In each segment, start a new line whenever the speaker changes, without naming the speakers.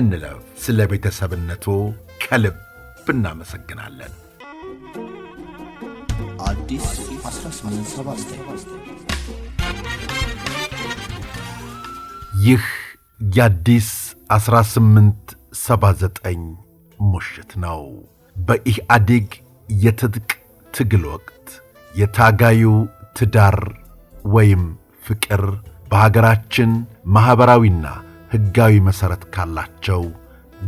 እንለፍ። ስለ ቤተሰብነቱ ከልብ እናመሰግናለን። ይህ የአዲስ 1879 ሙሽት ነው። በኢህአዴግ የትጥቅ ትግል ወቅት የታጋዩ ትዳር ወይም ፍቅር በሀገራችን ማኅበራዊና ሕጋዊ መሠረት ካላቸው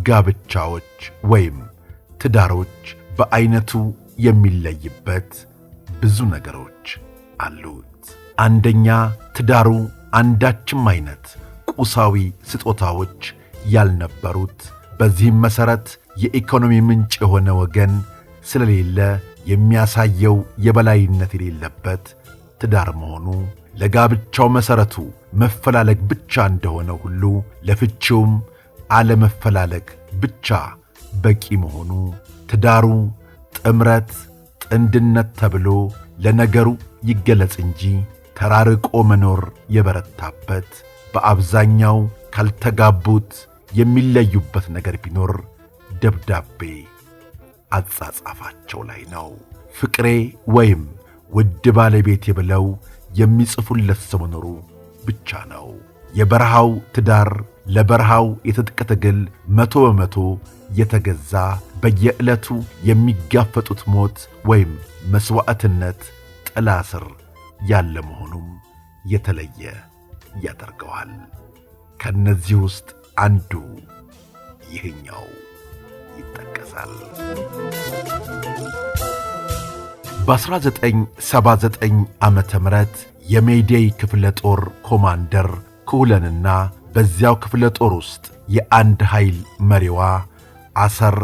ጋብቻዎች ወይም ትዳሮች በዐይነቱ የሚለይበት ብዙ ነገሮች አሉት። አንደኛ፣ ትዳሩ አንዳችም ዐይነት ቁሳዊ ስጦታዎች ያልነበሩት፣ በዚህም መሠረት የኢኮኖሚ ምንጭ የሆነ ወገን ስለሌለ የሚያሳየው የበላይነት የሌለበት ትዳር መሆኑ ለጋብቻው መሠረቱ መፈላለግ ብቻ እንደሆነ ሁሉ ለፍቺውም አለመፈላለግ ብቻ በቂ መሆኑ ትዳሩ ጥምረት፣ ጥንድነት ተብሎ ለነገሩ ይገለጽ እንጂ ተራርቆ መኖር የበረታበት በአብዛኛው ካልተጋቡት የሚለዩበት ነገር ቢኖር ደብዳቤ አጻጻፋቸው ላይ ነው። ፍቅሬ ወይም ውድ ባለቤቴ ብለው የሚጽፉለት ሰው መኖሩ ብቻ ነው። የበረሃው ትዳር ለበረሃው የትጥቅ ትግል መቶ በመቶ የተገዛ በየዕለቱ የሚጋፈጡት ሞት ወይም መሥዋዕትነት ጥላ ስር ያለ መሆኑም የተለየ ያደርገዋል። ከእነዚህ ውስጥ አንዱ ይህኛው ይጠቀሳል። በ1979 ዓ ም ክፍለ ጦር ኮማንደር ክሁለንና በዚያው ክፍለ ጦር ውስጥ የአንድ ኃይል መሪዋ አሰር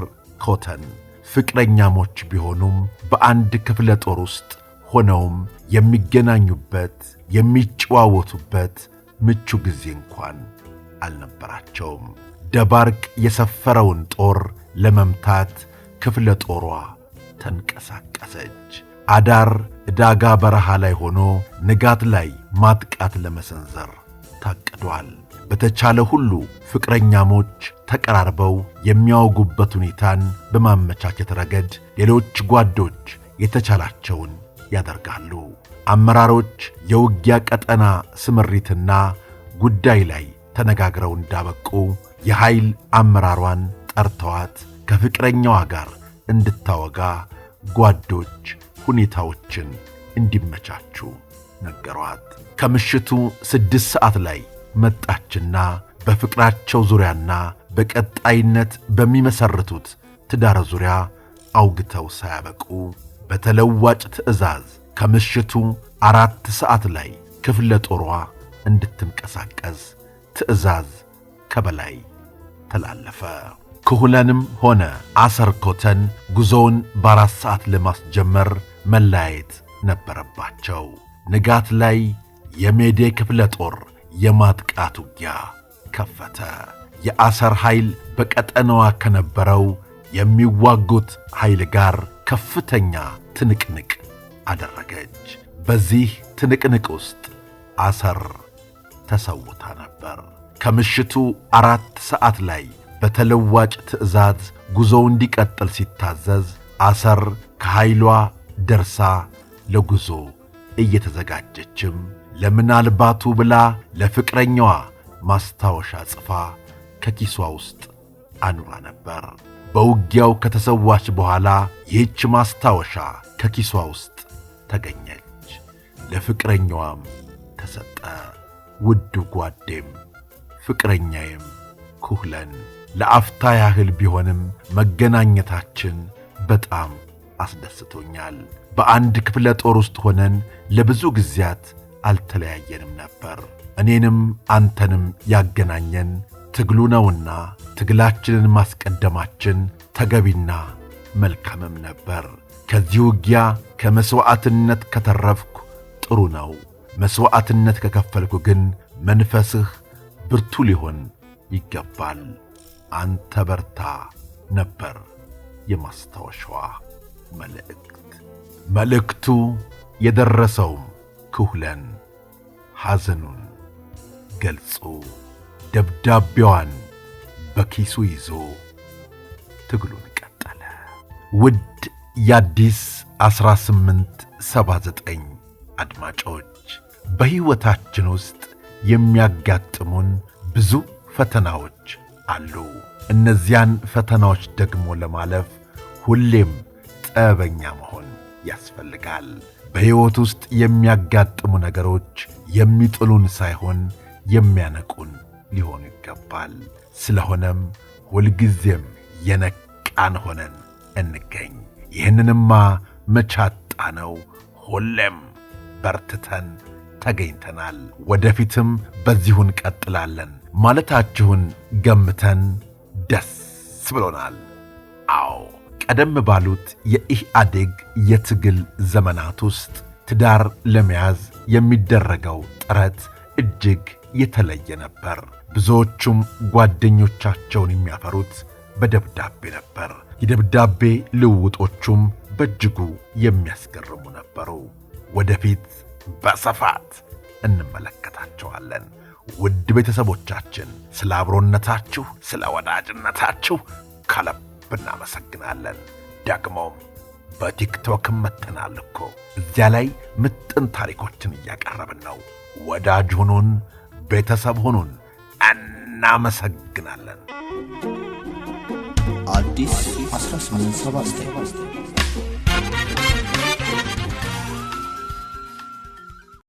ኮተን ፍቅረኛሞች ቢሆኑም በአንድ ክፍለ ጦር ውስጥ ሆነውም የሚገናኙበት የሚጨዋወቱበት ምቹ ጊዜ እንኳን አልነበራቸውም። ደባርቅ የሰፈረውን ጦር ለመምታት ክፍለ ጦሯ ተንቀሳቀሰች። አዳር ዕዳጋ በረሃ ላይ ሆኖ ንጋት ላይ ማጥቃት ለመሰንዘር ታቅዷል። በተቻለ ሁሉ ፍቅረኛሞች ተቀራርበው የሚያወጉበት ሁኔታን በማመቻቸት ረገድ ሌሎች ጓዶች የተቻላቸውን ያደርጋሉ። አመራሮች የውጊያ ቀጠና ስምሪትና ጉዳይ ላይ ተነጋግረው እንዳበቁ የኃይል አመራሯን ጠርተዋት ከፍቅረኛዋ ጋር እንድታወጋ ጓዶች ሁኔታዎችን እንዲመቻቹ ነገሯት። ከምሽቱ ስድስት ሰዓት ላይ መጣችና በፍቅራቸው ዙሪያና በቀጣይነት በሚመሰርቱት ትዳር ዙሪያ አውግተው ሳያበቁ በተለዋጭ ትዕዛዝ ከምሽቱ አራት ሰዓት ላይ ክፍለ ጦሯ እንድትንቀሳቀስ ትዕዛዝ ከበላይ ተላለፈ። ክሁለንም ሆነ አሰርኮተን ጉዞውን በአራት ሰዓት ለማስጀመር መለያየት ነበረባቸው። ንጋት ላይ የሜዴ ክፍለ ጦር የማጥቃት ውጊያ ከፈተ። የአሰር ኃይል በቀጠናዋ ከነበረው የሚዋጉት ኃይል ጋር ከፍተኛ ትንቅንቅ አደረገች። በዚህ ትንቅንቅ ውስጥ አሰር ተሰውታ ነበር። ከምሽቱ አራት ሰዓት ላይ በተለዋጭ ትዕዛዝ ጉዞው እንዲቀጥል ሲታዘዝ አሰር ከኃይሏ ደርሳ ለጉዞ እየተዘጋጀችም ለምናልባቱ ብላ ለፍቅረኛዋ ማስታወሻ ጽፋ ከኪሷ ውስጥ አኑራ ነበር። በውጊያው ከተሰዋች በኋላ ይህች ማስታወሻ ከኪሷ ውስጥ ተገኘች፣ ለፍቅረኛዋም ተሰጠ። ውድ ጓዴም ፍቅረኛዬም ኩህለን ለአፍታ ያህል ቢሆንም መገናኘታችን በጣም አስደስቶኛል። በአንድ ክፍለ ጦር ውስጥ ሆነን ለብዙ ጊዜያት አልተለያየንም ነበር። እኔንም አንተንም ያገናኘን ትግሉ ነውና ትግላችንን ማስቀደማችን ተገቢና መልካምም ነበር። ከዚህ ውጊያ ከመሥዋዕትነት ከተረፍኩ ጥሩ ነው። መሥዋዕትነት ከከፈልኩ ግን መንፈስህ ብርቱ ሊሆን ይገባል። አንተ በርታ ነበር የማስታወሻዋ። መልእክት መልእክቱ የደረሰውም ክሁለን ሐዘኑን ገልጾ ደብዳቤዋን በኪሱ ይዞ ትግሉን ቀጠለ። ውድ የአዲስ 1879 አድማጮች በሕይወታችን ውስጥ የሚያጋጥሙን ብዙ ፈተናዎች አሉ። እነዚያን ፈተናዎች ደግሞ ለማለፍ ሁሌም ጠበኛ መሆን ያስፈልጋል። በሕይወት ውስጥ የሚያጋጥሙ ነገሮች የሚጥሉን ሳይሆን የሚያነቁን ሊሆኑ ይገባል። ስለሆነም ሁልጊዜም የነቃን ሆነን እንገኝ። ይህንንማ መቻጣ ነው። ሁሌም በርትተን ተገኝተናል፣ ወደፊትም በዚሁ እንቀጥላለን ማለታችሁን ገምተን ደስ ብሎናል። አዎ ቀደም ባሉት የኢህአዴግ የትግል ዘመናት ውስጥ ትዳር ለመያዝ የሚደረገው ጥረት እጅግ የተለየ ነበር። ብዙዎቹም ጓደኞቻቸውን የሚያፈሩት በደብዳቤ ነበር። የደብዳቤ ልውውጦቹም በእጅጉ የሚያስገርሙ ነበሩ። ወደፊት በስፋት እንመለከታቸዋለን። ውድ ቤተሰቦቻችን ስለ አብሮነታችሁ፣ ስለ ወዳጅነታችሁ ከለብ ከልብ እናመሰግናለን። ደግሞም በቲክቶክ መተናል እኮ እዚያ ላይ ምጥን ታሪኮችን እያቀረብን ነው። ወዳጅ ሁኑን፣ ቤተሰብ ሁኑን። እናመሰግናለን። አዲስ 1879